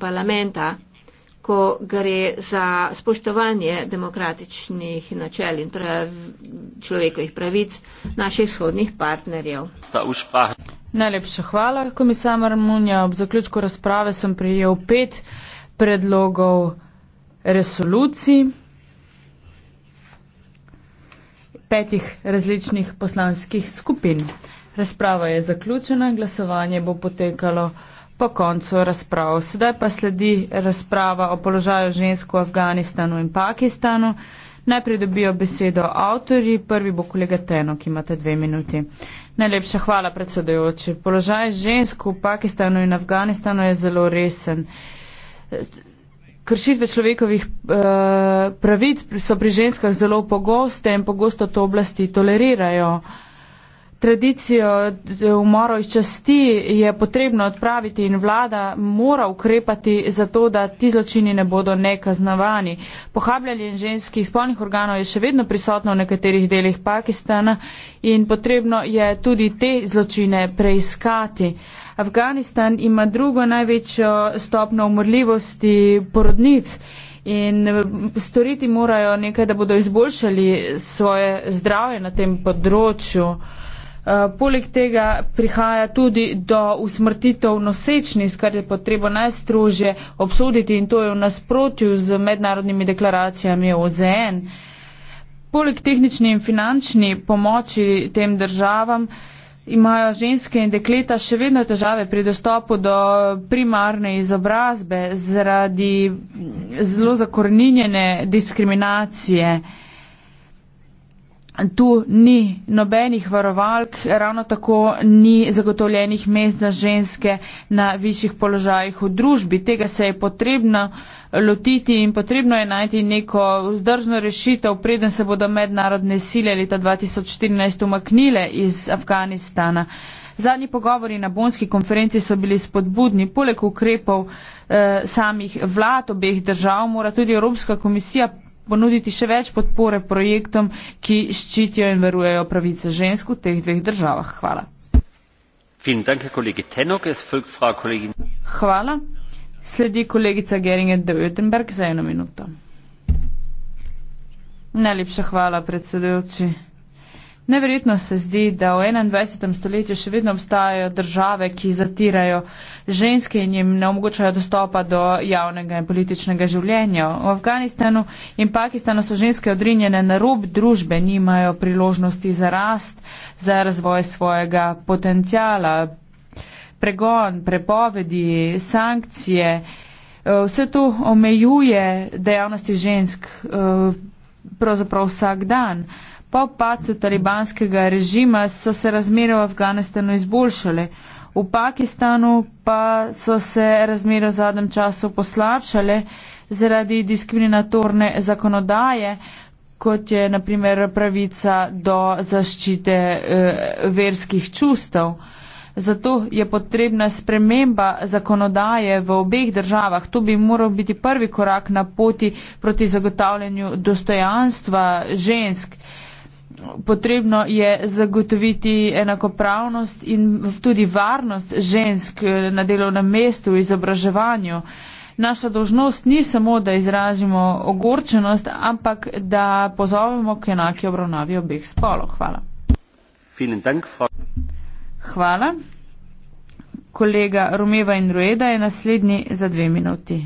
parlamenta, ko gre za spoštovanje demokratičnih načel in prav, človekovih pravic naših vzhodnih partnerjev. Najlepša hvala, komisar Marmunja. Ob zaključku razprave sem prijel pet predlogov resolucij petih različnih poslanskih skupin. Razprava je zaključena, glasovanje bo potekalo po koncu razprav. Sedaj pa sledi razprava o položaju žensk v Afganistanu in Pakistanu. Najprej dobijo besedo avtori, prvi bo kolega Teno, ki imate dve minuti. Najlepša hvala, predsedojoči. Položaj žensk v Pakistanu in Afganistanu je zelo resen. Kršitve človekovih uh, pravic so pri ženskah zelo pogoste in pogosto to oblasti tolerirajo. Uh, tradicijo umorov iz časti je potrebno odpraviti in vlada mora ukrepati za to, da ti zločini ne bodo nekaznavani. Pohabljanje ženskih spolnih organov je še vedno prisotno v nekaterih delih Pakistana in potrebno je tudi te zločine preiskati. Afganistan ima drugo največjo stopno umrljivosti porodnic in eh, storiti morajo nekaj, da bodo izboljšali svoje zdravje na tem področju. Eh, poleg tega prihaja tudi do usmrtitev nosečnic, kar je potrebo najstrožje obsoditi in to je v nasprotju z mednarodnimi deklaracijami OZN. Poleg tehnične in finančne pomoči tem državam imajo ženske in dekleta še vedno težave pri dostopu do primarne izobrazbe zaradi zelo zakorninjene diskriminacije. Tu ni nobenih varovalk, ravno tako ni zagotovljenih mest za ženske na višjih položajih v družbi. Tega se je potrebno lotiti in potrebno je najti neko vzdržno rešitev, preden se bodo mednarodne sile leta 2014 umaknile iz Afganistana. Zadnji pogovori na bonski konferenci so bili spodbudni. Poleg ukrepov eh, samih vlad obeh držav mora tudi Evropska komisija ponuditi še več podpore projektom, ki ščitijo in varujejo pravice žensk v teh dveh državah. Hvala. Hvala. Sledi kolegica Geringer de Oettenberg za eno minuto. Najlepša hvala, predsedujoči. Neverjetno se zdi, da v 21. stoletju še vedno obstajajo države, ki zatirajo ženske in jim ne omogočajo dostopa do javnega in političnega življenja. V Afganistanu in Pakistanu so ženske odrinjene na rob družbe, nimajo priložnosti za rast, za razvoj svojega potencijala. Pregon, prepovedi, sankcije, eh, vse to omejuje dejavnosti žensk eh, pravzaprav vsak dan. Po padcu talibanskega režima so se razmere v Afganistanu izboljšale, v Pakistanu pa so se razmere v zadnjem času poslabšale zaradi diskriminatorne zakonodaje, kot je naprimer pravica do zaščite e, verskih čustev. Zato je potrebna sprememba zakonodaje v obeh državah. To bi moral biti prvi korak na poti proti zagotavljanju dostojanstva žensk. E, potrebno je zagotoviti enakopravnost in tudi varnost žensk eh, na delovnem mestu, v izobraževanju. Naša dožnost ni samo, da izražimo ogorčenost, ampak da pozovemo k enaki obravnavi obeh spolov. Hvala. Hvala. Kolega Romeva in Rueda je naslednji za dve minuti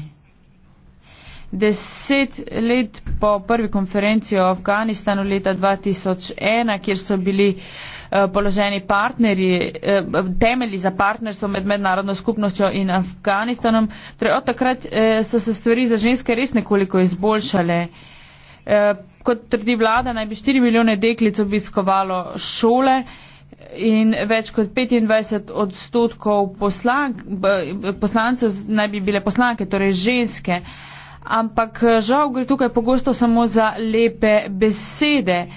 deset let po prvi konferenci o Afganistanu leta 2001, kjer so bili eh, položeni partnerji, eh, temelji za partnerstvo med mednarodno skupnostjo in Afganistanom. Torej, od takrat eh, so se stvari za ženske res nekoliko izboljšale. Kot trdi vlada, naj bi 4 milijone deklic obiskovalo šole in več kot 25 odstotkov poslank, poslancev naj bi bile poslanke, torej ženske ampak eh, žal gre tukaj pogosto samo za lepe besede.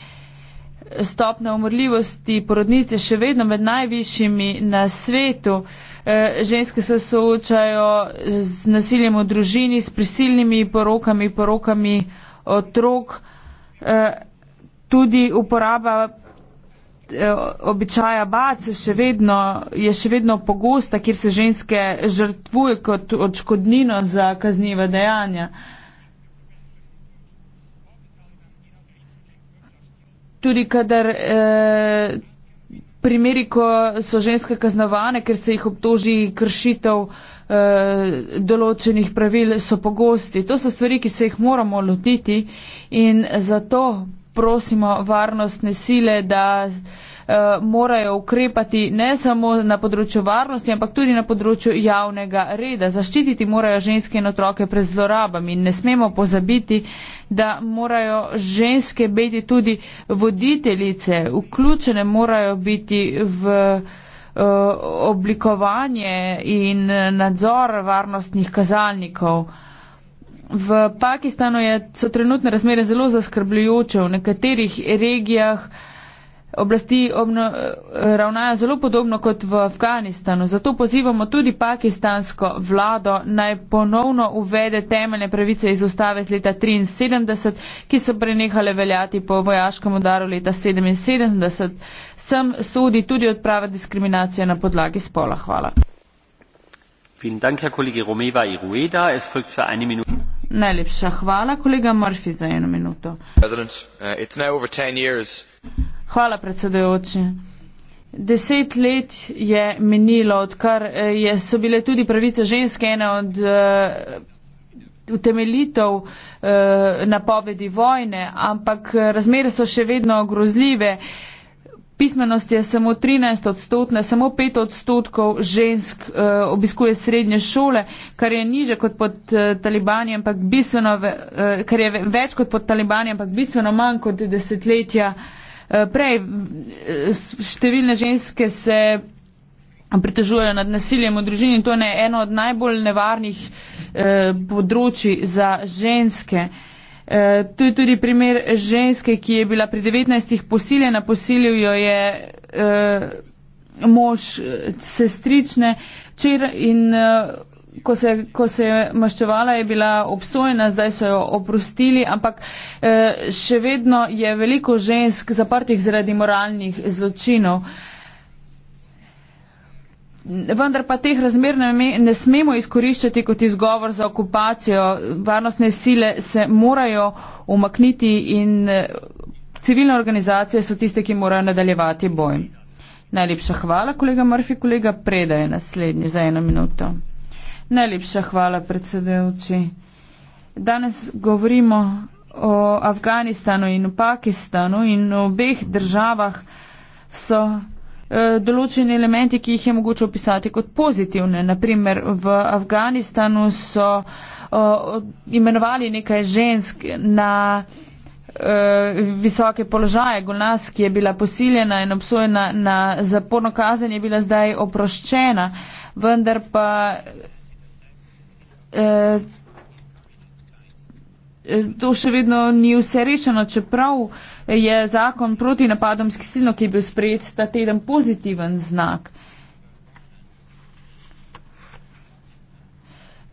Stopna umrljivosti porodnice še vedno med najvišjimi na svetu. Eh, ženske se soočajo z nasiljem v družini, s prisilnimi porokami, porokami otrok. Eh, tudi uporaba Eh, običaja bace še vedno, je še vedno pogosta, kjer se ženske žrtvuje kot očkodnino za kazniva dejanja. Tudi kadar eh, primeri, ko so ženske kaznovane, ker se jih obtoži kršitev eh, določenih pravil, so pogosti. To so stvari, ki se jih moramo lotiti in zato prosimo varnostne sile, da eh, morajo ukrepati ne samo na področju varnosti, ampak tudi na področju javnega reda. Zaščititi morajo ženske in otroke pred zlorabami in ne smemo pozabiti, da morajo ženske biti tudi voditeljice, vključene morajo biti v eh, oblikovanje in nadzor varnostnih kazalnikov. V Pakistanu je, so trenutne razmere zelo zaskrbljujoče. V nekaterih regijah oblasti obno, ravnajo zelo podobno kot v Afganistanu. Zato pozivamo tudi pakistansko vlado naj ponovno uvede temeljne pravice iz ustave z leta 73, ki so prenehale veljati po vojaškem udaru leta 77. Sem sodi tudi odprava diskriminacije na podlagi spola. Hvala. Vielen Dank, Herr Kollege Romeva Irueda. Es folgt für eine Minute. Najlepša hvala, kolega Murphy, za eno minuto. Uh, hvala, predsedujoči. Deset let je minilo, odkar eh, je, so bile tudi pravice ženske ena od uh, utemeljitev uh, napovedi vojne, ampak razmere so še vedno grozljive. Uh, pismenost je samo 13 odstotna, samo 5 odstotkov žensk uh, obiskuje srednje šole, kar je niže kot pod uh, talibani, ampak bistveno, uh, kar je več kot pod talibani, ampak bistveno manj kot desetletja uh, prej. Številne ženske se pritožujejo nad nasiljem v družini in to je eno od najbolj nevarnih uh, področji za ženske. Uh, Eh, to je tudi primer ženske, ki je bila pri 19. posiljena, posilil jo je eh, mož eh, sestrične včer in ko se, ko se je maščevala, je bila obsojena, zdaj so jo oprostili, ampak še vedno je veliko žensk zaprtih zaradi moralnih zločinov vendar pa teh razmer ne, ne smemo izkoriščati kot izgovor za okupacijo. Varnostne sile se morajo umakniti in eh, civilne organizacije so tiste, ki morajo nadaljevati boj. Najlepša hvala, kolega Murphy. Kolega Preda je naslednji za eno minuto. Najlepša hvala, predsedujoči. Danes govorimo o Afganistanu in Pakistanu in v obeh državah so Eh, določeni elementi, ki jih je mogoče opisati kot pozitivne. Naprimer, v Afganistanu so uh, imenovali nekaj žensk na eh, visoke položaje. Gulnas, ki je bila posiljena in obsojena na zaporno kazen, je bila zdaj oproščena, vendar pa eh, to še vedno ni vse rešeno, čeprav eh, je zakon proti napadom s kisilno, ki je bil sprejet ta teden, pozitiven znak.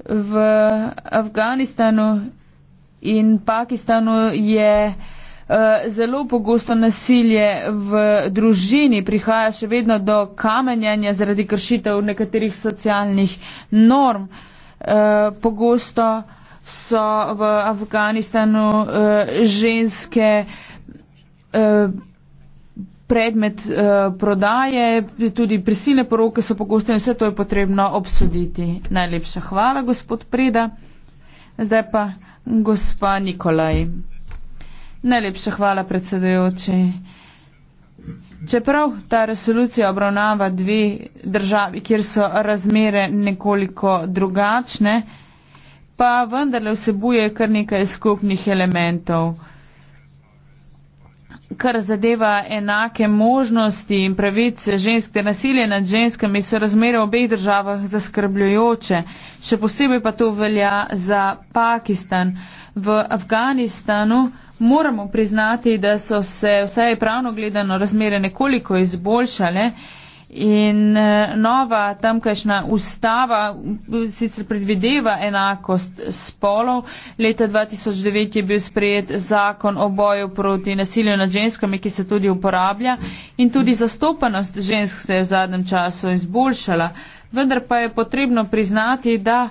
V Afganistanu in Pakistanu je eh, Zelo pogosto nasilje v družini prihaja še vedno do kamenjanja zaradi kršitev nekaterih socialnih norm. Eh, pogosto so v Afganistanu eh, ženske predmet eh, prodaje, tudi prisilne poroke so pogoste in vse to je potrebno obsoditi. Najlepša hvala, gospod Preda. Zdaj pa gospa Nikolaj. Najlepša hvala, predsedajoči. Čeprav ta resolucija obravnava dve državi, kjer so razmere nekoliko drugačne, pa vendarle vsebuje kar nekaj skupnih elementov kar zadeva enake možnosti in pravice žensk, te nasilje nad ženskami so razmere v obeh državah zaskrbljujoče. Še posebej pa to velja za Pakistan. V Afganistanu moramo priznati, da so se vsaj pravno gledano razmere nekoliko izboljšale. In eh, nova tamkajšnja ustava eh, sicer predvideva enakost spolov. Leta 2009 je bil sprejet zakon o boju proti nasilju nad ženskami, ki se tudi uporablja. In tudi zastopanost žensk se je v zadnjem času izboljšala. Vendar pa je potrebno priznati, da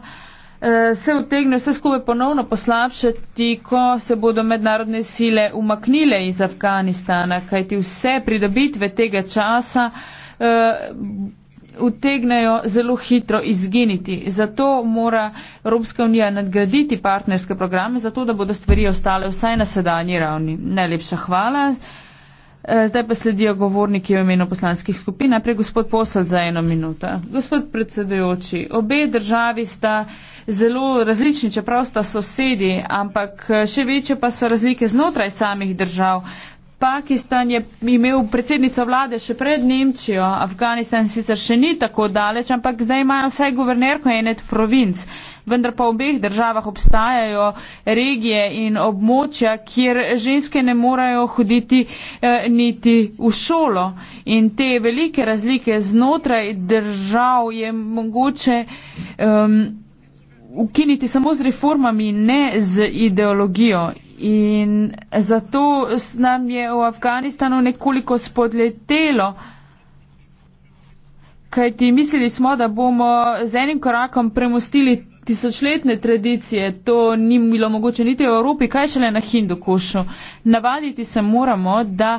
eh, se utegne vse skupaj ponovno poslabšati, ko se bodo mednarodne sile umaknile iz Afganistana, kajti vse pridobitve tega časa Eh, utegnejo zelo hitro izginiti. Zato mora Evropska unija nadgraditi partnerske programe, zato da bodo stvari ostale vsaj na sedanji ravni. Najlepša hvala. Eh, zdaj pa sledijo govorniki v imenu poslanskih skupin. Najprej gospod Posel za eno minuto. Gospod predsedujoči, obe državi sta zelo različni, čeprav sta sosedi, ampak eh, še večje pa so razlike znotraj samih držav. Pakistan je imel predsednico vlade še pred Nemčijo, Afganistan sicer še ni tako daleč, ampak zdaj imajo vsaj guvernerko ene provinc. Vendar pa v obeh državah obstajajo regije in območja, kjer ženske ne morajo hoditi eh, niti v šolo. In te velike razlike znotraj držav je mogoče um, ukiniti samo z reformami, ne z ideologijo in zato nam je v Afganistanu nekoliko spodletelo. Kajti mislili smo, da bomo z enim korakom premustili tisočletne tradicije, to ni bilo mogoče niti v Evropi, kaj šele na Hindukušu. Navaditi se moramo, da,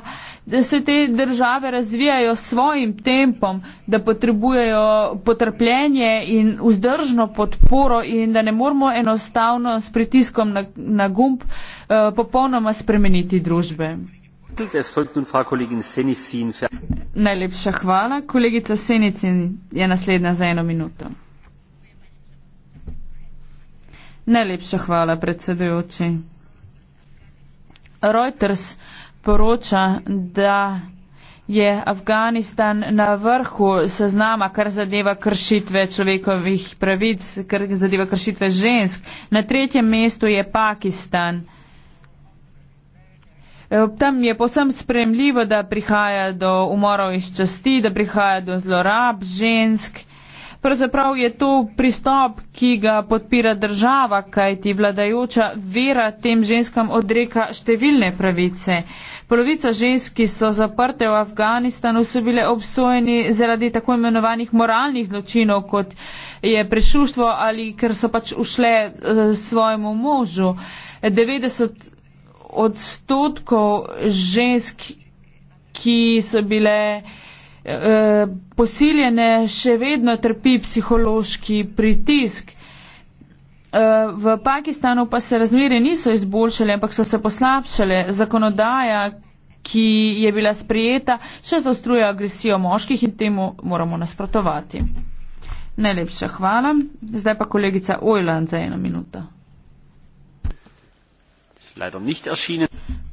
da se te države razvijajo svojim tempom, da potrebujejo potrpljenje in vzdržno podporo in da ne moramo enostavno s pritiskom na, na gumb uh, popolnoma spremeniti družbe. Najlepša hvala. Kolegica Senicin je naslednja za eno minuto. Najlepša hvala, predsedujoči. Reuters poroča, da je Afganistan na vrhu seznama, kar zadeva kršitve človekovih pravic, kar zadeva kršitve žensk. Na tretjem mestu je Pakistan. Tam je posem spremljivo, da prihaja do umorov iz časti, da prihaja do zlorab žensk. Pravzaprav je to pristop, ki ga podpira država, kajti vladajoča vera tem ženskam odreka številne pravice. Polovica žensk, ki so zaprte v Afganistanu, so bile obsojeni zaradi tako imenovanih moralnih zločinov, kot je prešuštvo ali ker so pač ušle eh, svojemu možu. 90 odstotkov žensk, ki so bile. Eh, posiljene še vedno trpi psihološki pritisk. Eh, v Pakistanu pa se razmere niso izboljšale, ampak so se poslabšale. Zakonodaja, ki je bila sprijeta, še zaostruje agresijo moških in temu moramo nasprotovati. Najlepša hvala. Zdaj pa kolegica Ojland za eno minuto.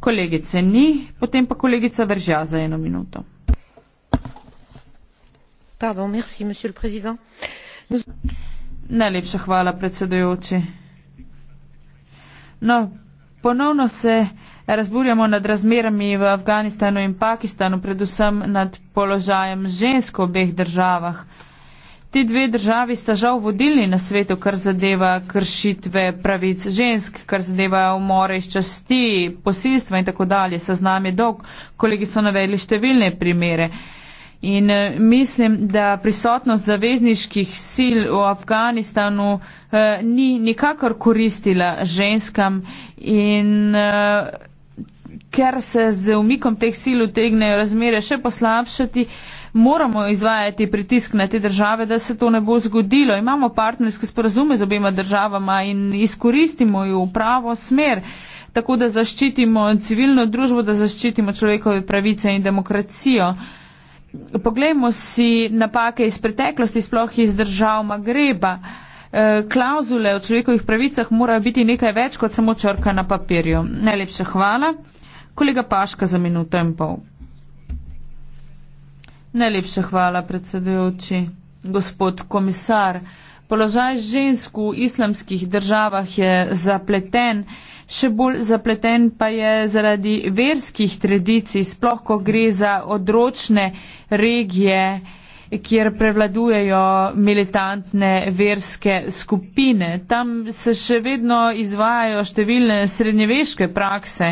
Kolegice ni, potem pa kolegica Vržja za eno minuto. Najlepša hvala, predsedujoči. No, ponovno se razburjamo nad razmerami v Afganistanu in Pakistanu, predvsem nad položajem žensk v obeh državah. Ti dve državi sta žal vodili na svetu, kar zadeva kršitve pravic žensk, kar zadeva umore iz časti, posilstva in tako dalje. Seznam je dolg, kolegi so navedli številne primere. In eh, mislim, da prisotnost zavezniških sil v Afganistanu eh, ni nikakor koristila ženskam in eh, ker se z umikom teh sil utegnejo razmere še poslabšati, moramo izvajati pritisk na te države, da se to ne bo zgodilo. Imamo partnerske sporazume z obema državama in izkoristimo jo v pravo smer, tako da zaščitimo civilno družbo, da zaščitimo človekove pravice in demokracijo. Poglejmo si napake iz preteklosti, sploh iz držav Magreba. Eh, klauzule o človekovih pravicah morajo biti nekaj več kot samo črka na papirju. Najlepša hvala. Kolega Paška za minuto in pol. Najlepša hvala, predsedujoči. Gospod komisar, položaj žensk v islamskih državah je zapleten. Še bolj zapleten pa je zaradi verskih tradicij, sploh ko gre za odročne regije, kjer prevladujejo militantne verske skupine. Tam se še vedno izvajajo številne srednjeveške prakse.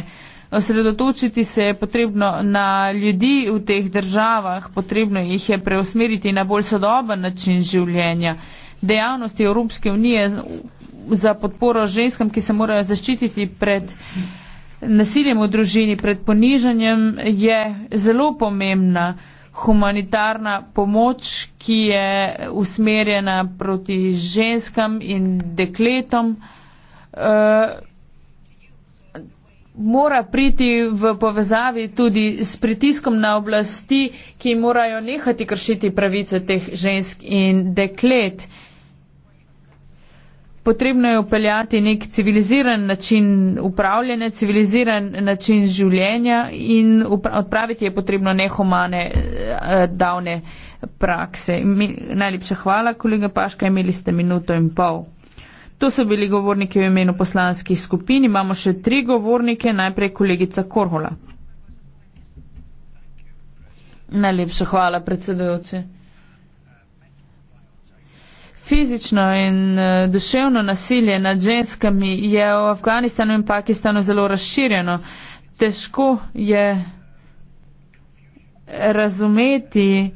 Osredotočiti se je potrebno na ljudi v teh državah, potrebno jih je preusmeriti na bolj sodoben način življenja. Dejavnosti Evropske unije za podporo ženskam, ki se morajo zaščititi pred nasiljem v družini, pred ponižanjem, je zelo pomembna humanitarna pomoč, ki je usmerjena proti ženskam in dekletom. Uh, mora priti v povezavi tudi s pritiskom na oblasti, ki morajo nehati kršiti pravice teh žensk in deklet. Uh, potrebno je upeljati nek civiliziran način upravljanja, civiliziran način življenja in odpraviti je potrebno nehumane eh, davne prakse. Najlepša hvala, kolega Paška, imeli ste minuto in pol. To so bili govorniki v imenu poslanskih skupin. Imamo še tri govornike, najprej kolegica Korhola. Najlepša hvala, predsedujoče. Fizično in eh, duševno nasilje nad ženskami je v Afganistanu in Pakistanu zelo razširjeno. Težko je razumeti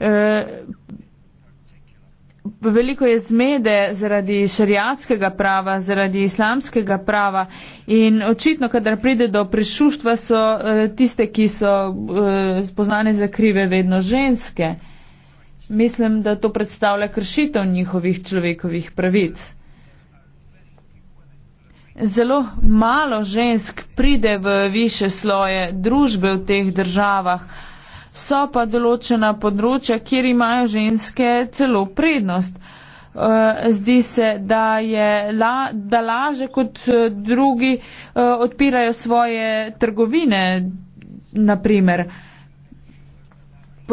eh, Veliko je zmede zaradi šariatskega prava, zaradi islamskega prava in očitno, kadar pride do prešuštva, so eh, tiste, ki so spoznane za krive, vedno ženske. Mislim, da to predstavlja kršitev njihovih človekovih pravic. Zelo malo žensk pride v više sloje družbe v teh državah, so pa določena področja, kjer imajo ženske celo prednost. Eh, zdi se, da, la, da laže kot eh, drugi eh, odpirajo svoje trgovine, naprimer.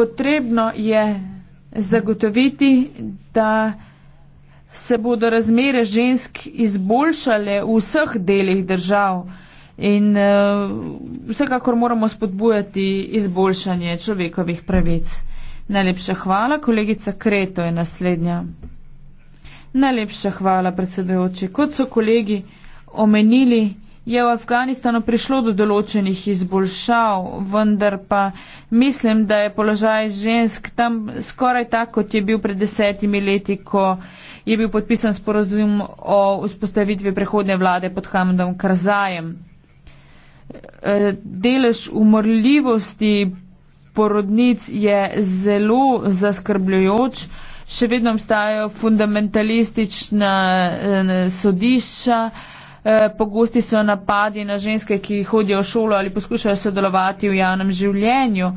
Potrebno je zagotoviti, da se bodo razmere žensk izboljšale v vseh delih držav. In uh, vsekakor moramo spodbujati izboljšanje človekovih pravic. Najlepša hvala, kolegica Kreto je naslednja. Najlepša hvala, predsedujoči. Kot so kolegi omenili, je v Afganistanu prišlo do določenih izboljšav, vendar pa mislim, da je položaj žensk tam skoraj tako, kot je bil pred desetimi leti, ko je bil podpisan sporozum o vzpostavitvi prehodne vlade pod Hamdom Krzajem. E, delež umrljivosti porodnic je zelo zaskrbljujoč. Še vedno obstajajo fundamentalistična e, sodišča, Eh, pogosti so napadi na ženske, ki hodijo v šolo ali poskušajo sodelovati v javnem življenju.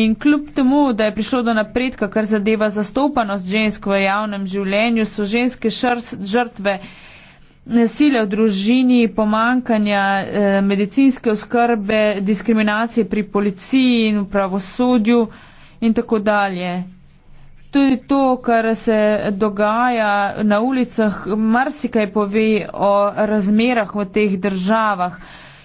In kljub temu, da je prišlo do napredka, kar zadeva zastopanost žensk v javnem življenju, so ženske žrtve nasilja v družini, pomankanja eh, medicinske oskrbe, diskriminacije pri policiji in v pravosodju in tako dalje tudi to, kar se dogaja na ulicah, marsikaj pove o razmerah v teh državah.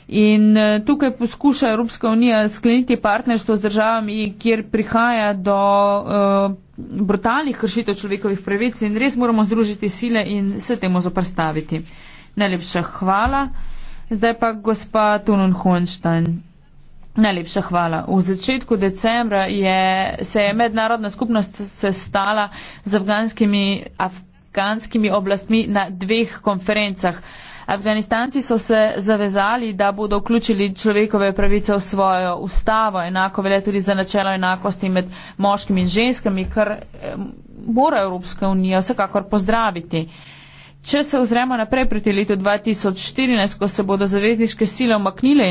In eh, tukaj poskuša Evropska unija skleniti partnerstvo z državami, kjer prihaja do uh, brutalnih kršitev človekovih pravic in res moramo združiti sile in se temu zaprstaviti. Najlepša hvala. Zdaj pa gospa Tunun Hohenstein. Najlepša hvala. V začetku decembra je, se je mednarodna skupnost sestala z afganskimi, afganskimi oblastmi na dveh konferencah. Afganistanci so se zavezali, da bodo vključili človekove pravice v svojo ustavo, enako velja tudi za načelo enakosti med moškimi in ženskami, kar eh, mora Evropska unija vsekakor pozdraviti. Eh, Če se ozremo naprej proti letu 2014, ko se bodo zavezniške sile omaknile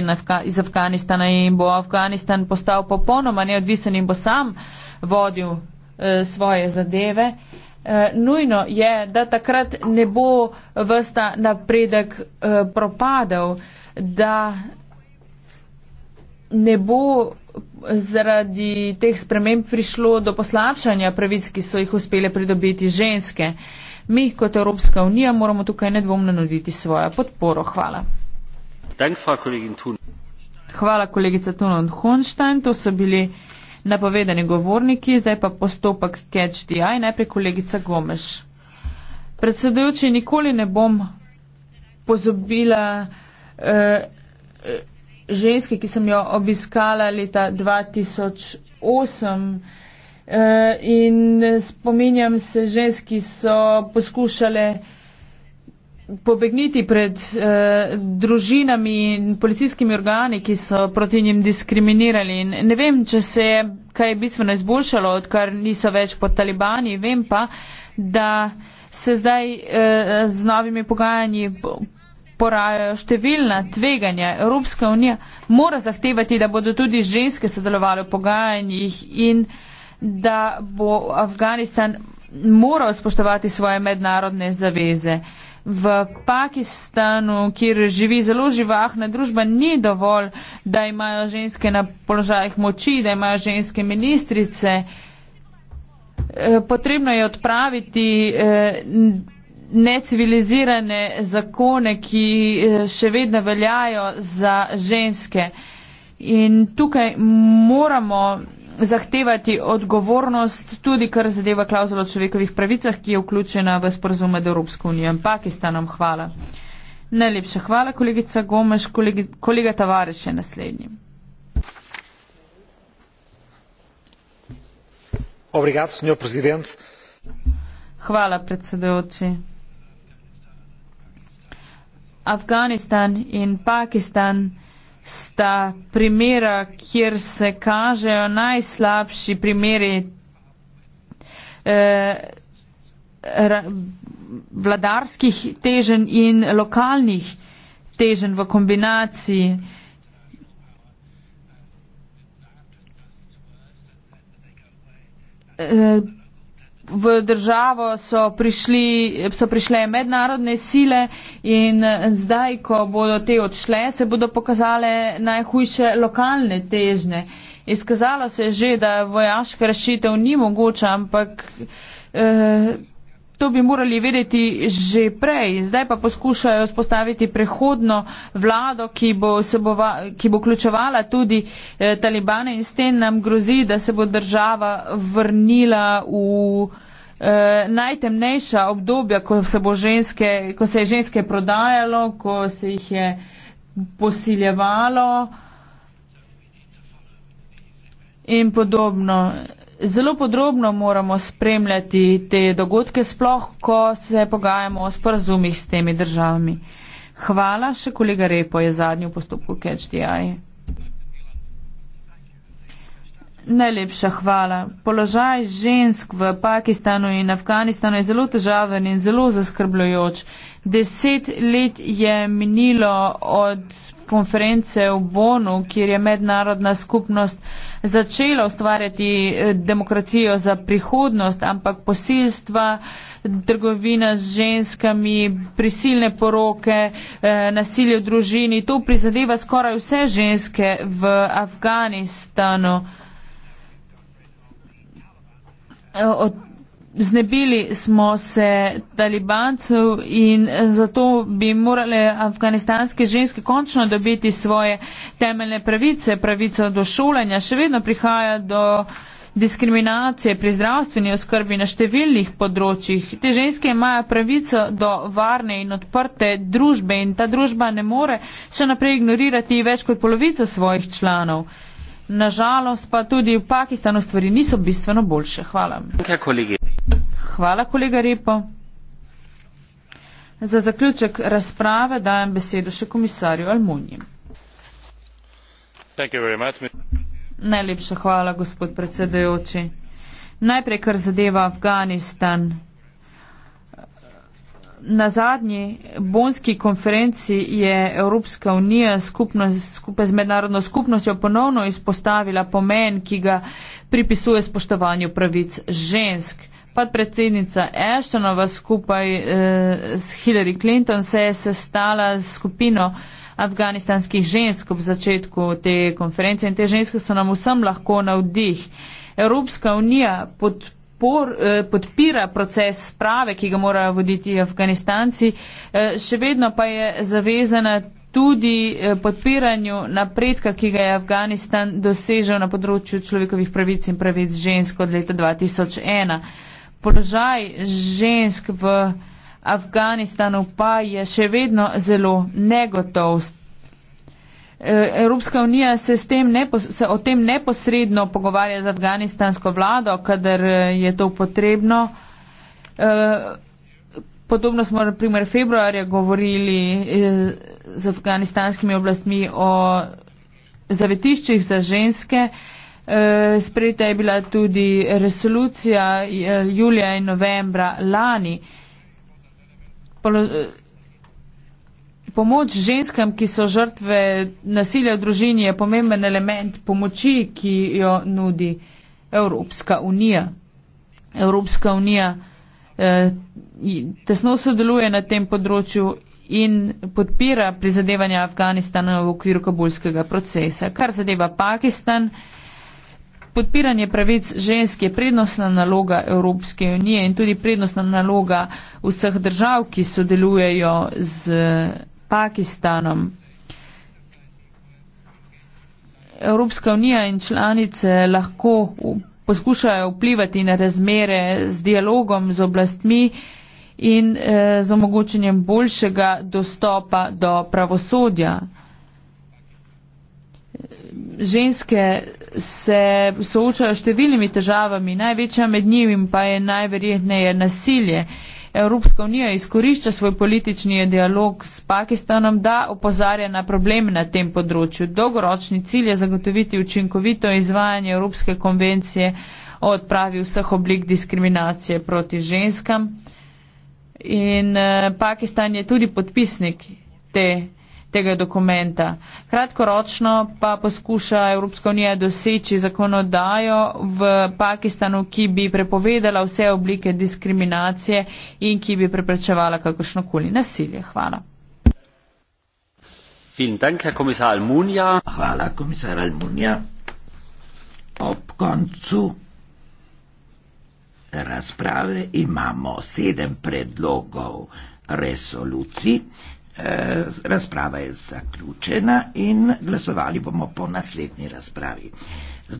iz Afganistana in bo Afganistan postal popolnoma neodvisen in bo sam vodil eh, svoje zadeve, eh, nujno je, da takrat ne bo vrsta napredek eh, propadel, da ne bo zaradi teh sprememb prišlo do poslabšanja pravic, ki so jih uspele pridobiti ženske. Eh, Mi, kot Evropska unija, moramo tukaj nedvomno nuditi svojo podporo. Hvala. Hvala, kolegica Tunon Honštajn. To so bili napovedani govorniki. Zdaj pa postopek Catch the Eye. Najprej kolegica Gomeš. Predsedujoči, nikoli ne bom pozobila eh, eh, ženske, ki sem jo obiskala leta 2008. Eh, in spominjam se žensk, ki so poskušale pobegniti pred eh, družinami in policijskimi organi, ki so proti njim diskriminirali. In ne vem, če se je kaj bistveno izboljšalo, odkar niso več pod talibani, vem pa, da se zdaj eh, z novimi pogajanji porajajo številna tveganja. Evropska unija mora zahtevati, da bodo tudi ženske sodelovali v pogajanjih in eh, da bo Afganistan moral spoštovati svoje mednarodne zaveze. V Pakistanu, kjer živi zelo živahna družba, ni dovolj, da imajo ženske na položajih moči, da imajo ženske ministrice. Eh, potrebno je odpraviti eh, necivilizirane zakone, ki eh, še vedno veljajo za ženske. In tukaj moramo zahtevati odgovornost tudi kar zadeva klauzulo o človekovih pravicah, ki je vključena v sporozum med Evropsko unijo in Pakistanom. Hvala. Najlepša hvala, kolegica Gomeš, kolegi, kolega Tavares je naslednji. Obrigado, hvala, predsedujoči. Afganistan in Pakistan sta primera, kjer se kažejo najslabši primeri eh, vladarskih težen in lokalnih težen v kombinaciji. Eh, v državo so, prišli, so prišle mednarodne sile in eh, zdaj, ko bodo te odšle, se bodo pokazale najhujše lokalne težne. Izkazalo se je že, da vojaška rešitev ni mogoča, ampak eh, to bi morali vedeti že prej. Zdaj pa poskušajo spostaviti prehodno vlado, ki bo, seboval, ki bo ključevala tudi eh, talibane in s tem nam grozi, da se bo država vrnila v eh, najtemnejša obdobja, ko se, ženske, ko se je ženske prodajalo, ko se jih je posiljevalo in podobno zelo podrobno moramo spremljati te dogodke, sploh ko se pogajamo o sporazumih s temi državami. Hvala, še kolega Repo je zadnji v postopku KHDI. Najlepša hvala. Položaj žensk v Pakistanu in Afganistanu je zelo težaven in zelo zaskrbljujoč. Deset let je minilo od konference v Bonu, kjer je mednarodna skupnost začela ustvarjati eh, demokracijo za prihodnost, ampak posilstva, trgovina z ženskami, prisilne poroke, eh, nasilje v družini, to prizadeva skoraj vse ženske v Afganistanu. Od Znebili smo se talibancev in zato bi morale afganistanske ženske končno dobiti svoje temeljne pravice, pravico do šolanja. Še vedno prihaja do diskriminacije pri zdravstveni oskrbi na številnih področjih. Te ženske imajo pravico do varne in odprte družbe in ta družba ne more še naprej ignorirati več kot polovica svojih članov. Nažalost pa tudi v Pakistanu stvari niso bistveno boljše. Hvala. Kaj, Hvala, kolega Repo. Za zaključek razprave dajem besedo še komisarju Almunji. Najlepša hvala, gospod predsedajoči. Najprej, kar zadeva Afganistan. Na zadnji bonski konferenci je Evropska unija skupaj z mednarodno skupnostjo ponovno izpostavila pomen, ki ga pripisuje spoštovanju pravic žensk. Podpredsednica Ashtonova skupaj eh, s Hillary Clinton se je sestala s skupino afganistanskih žensk ob začetku te konference in te ženske so nam vsem lahko na vdih. Evropska unija podpor, eh, podpira proces sprave, ki ga morajo voditi afganistanci, eh, še vedno pa je zavezana tudi eh, podpiranju napredka, ki ga je Afganistan dosežel na področju človekovih pravic in pravic žensk od leta 2001 položaj žensk v Afganistanu pa je še vedno zelo negotov. Evropska unija se, tem se o tem neposredno pogovarja z afganistansko vlado, kadar je to potrebno. E, podobno smo na primer februarja govorili e, z afganistanskimi oblastmi o zavetiščih za ženske. Eh, sprejeta je bila tudi resolucija eh, julija in novembra lani. Eh, pomoč ženskam, ki so žrtve nasilja v družini, je pomemben element pomoči, ki jo nudi Evropska unija. Evropska unija eh, tesno sodeluje na tem področju in podpira prizadevanja Afganistana v okviru kabulskega procesa. Kar zadeva Pakistan, eh, podpiranje pravic žensk je prednostna naloga Evropske unije in tudi prednostna naloga vseh držav, ki sodelujejo z Pakistanom. Evropska unija in članice lahko poskušajo vplivati na razmere z dialogom, z oblastmi in eh, z omogočenjem boljšega dostopa do pravosodja ženske se soočajo s številnimi težavami, največja med njimi pa je najverjetneje nasilje. Evropska unija izkorišča svoj politični dialog s Pakistanom, da opozarja na probleme na tem področju. Dolgoročni cilj je zagotoviti učinkovito izvajanje Evropske konvencije o odpravi vseh oblik diskriminacije proti ženskam. In eh, Pakistan je tudi podpisnik te konvencije tega dokumenta. Kratkoročno pa poskuša Evropska unija doseči zakonodajo v Pakistanu, ki bi prepovedala vse oblike diskriminacije in ki bi preprečevala kakršnokoli nasilje. Hvala. Dank, Hvala, komisar Almunija. Ob koncu razprave imamo sedem predlogov resolucij. Eh, razprava je zaključena in glasovali bomo po naslednji razpravi.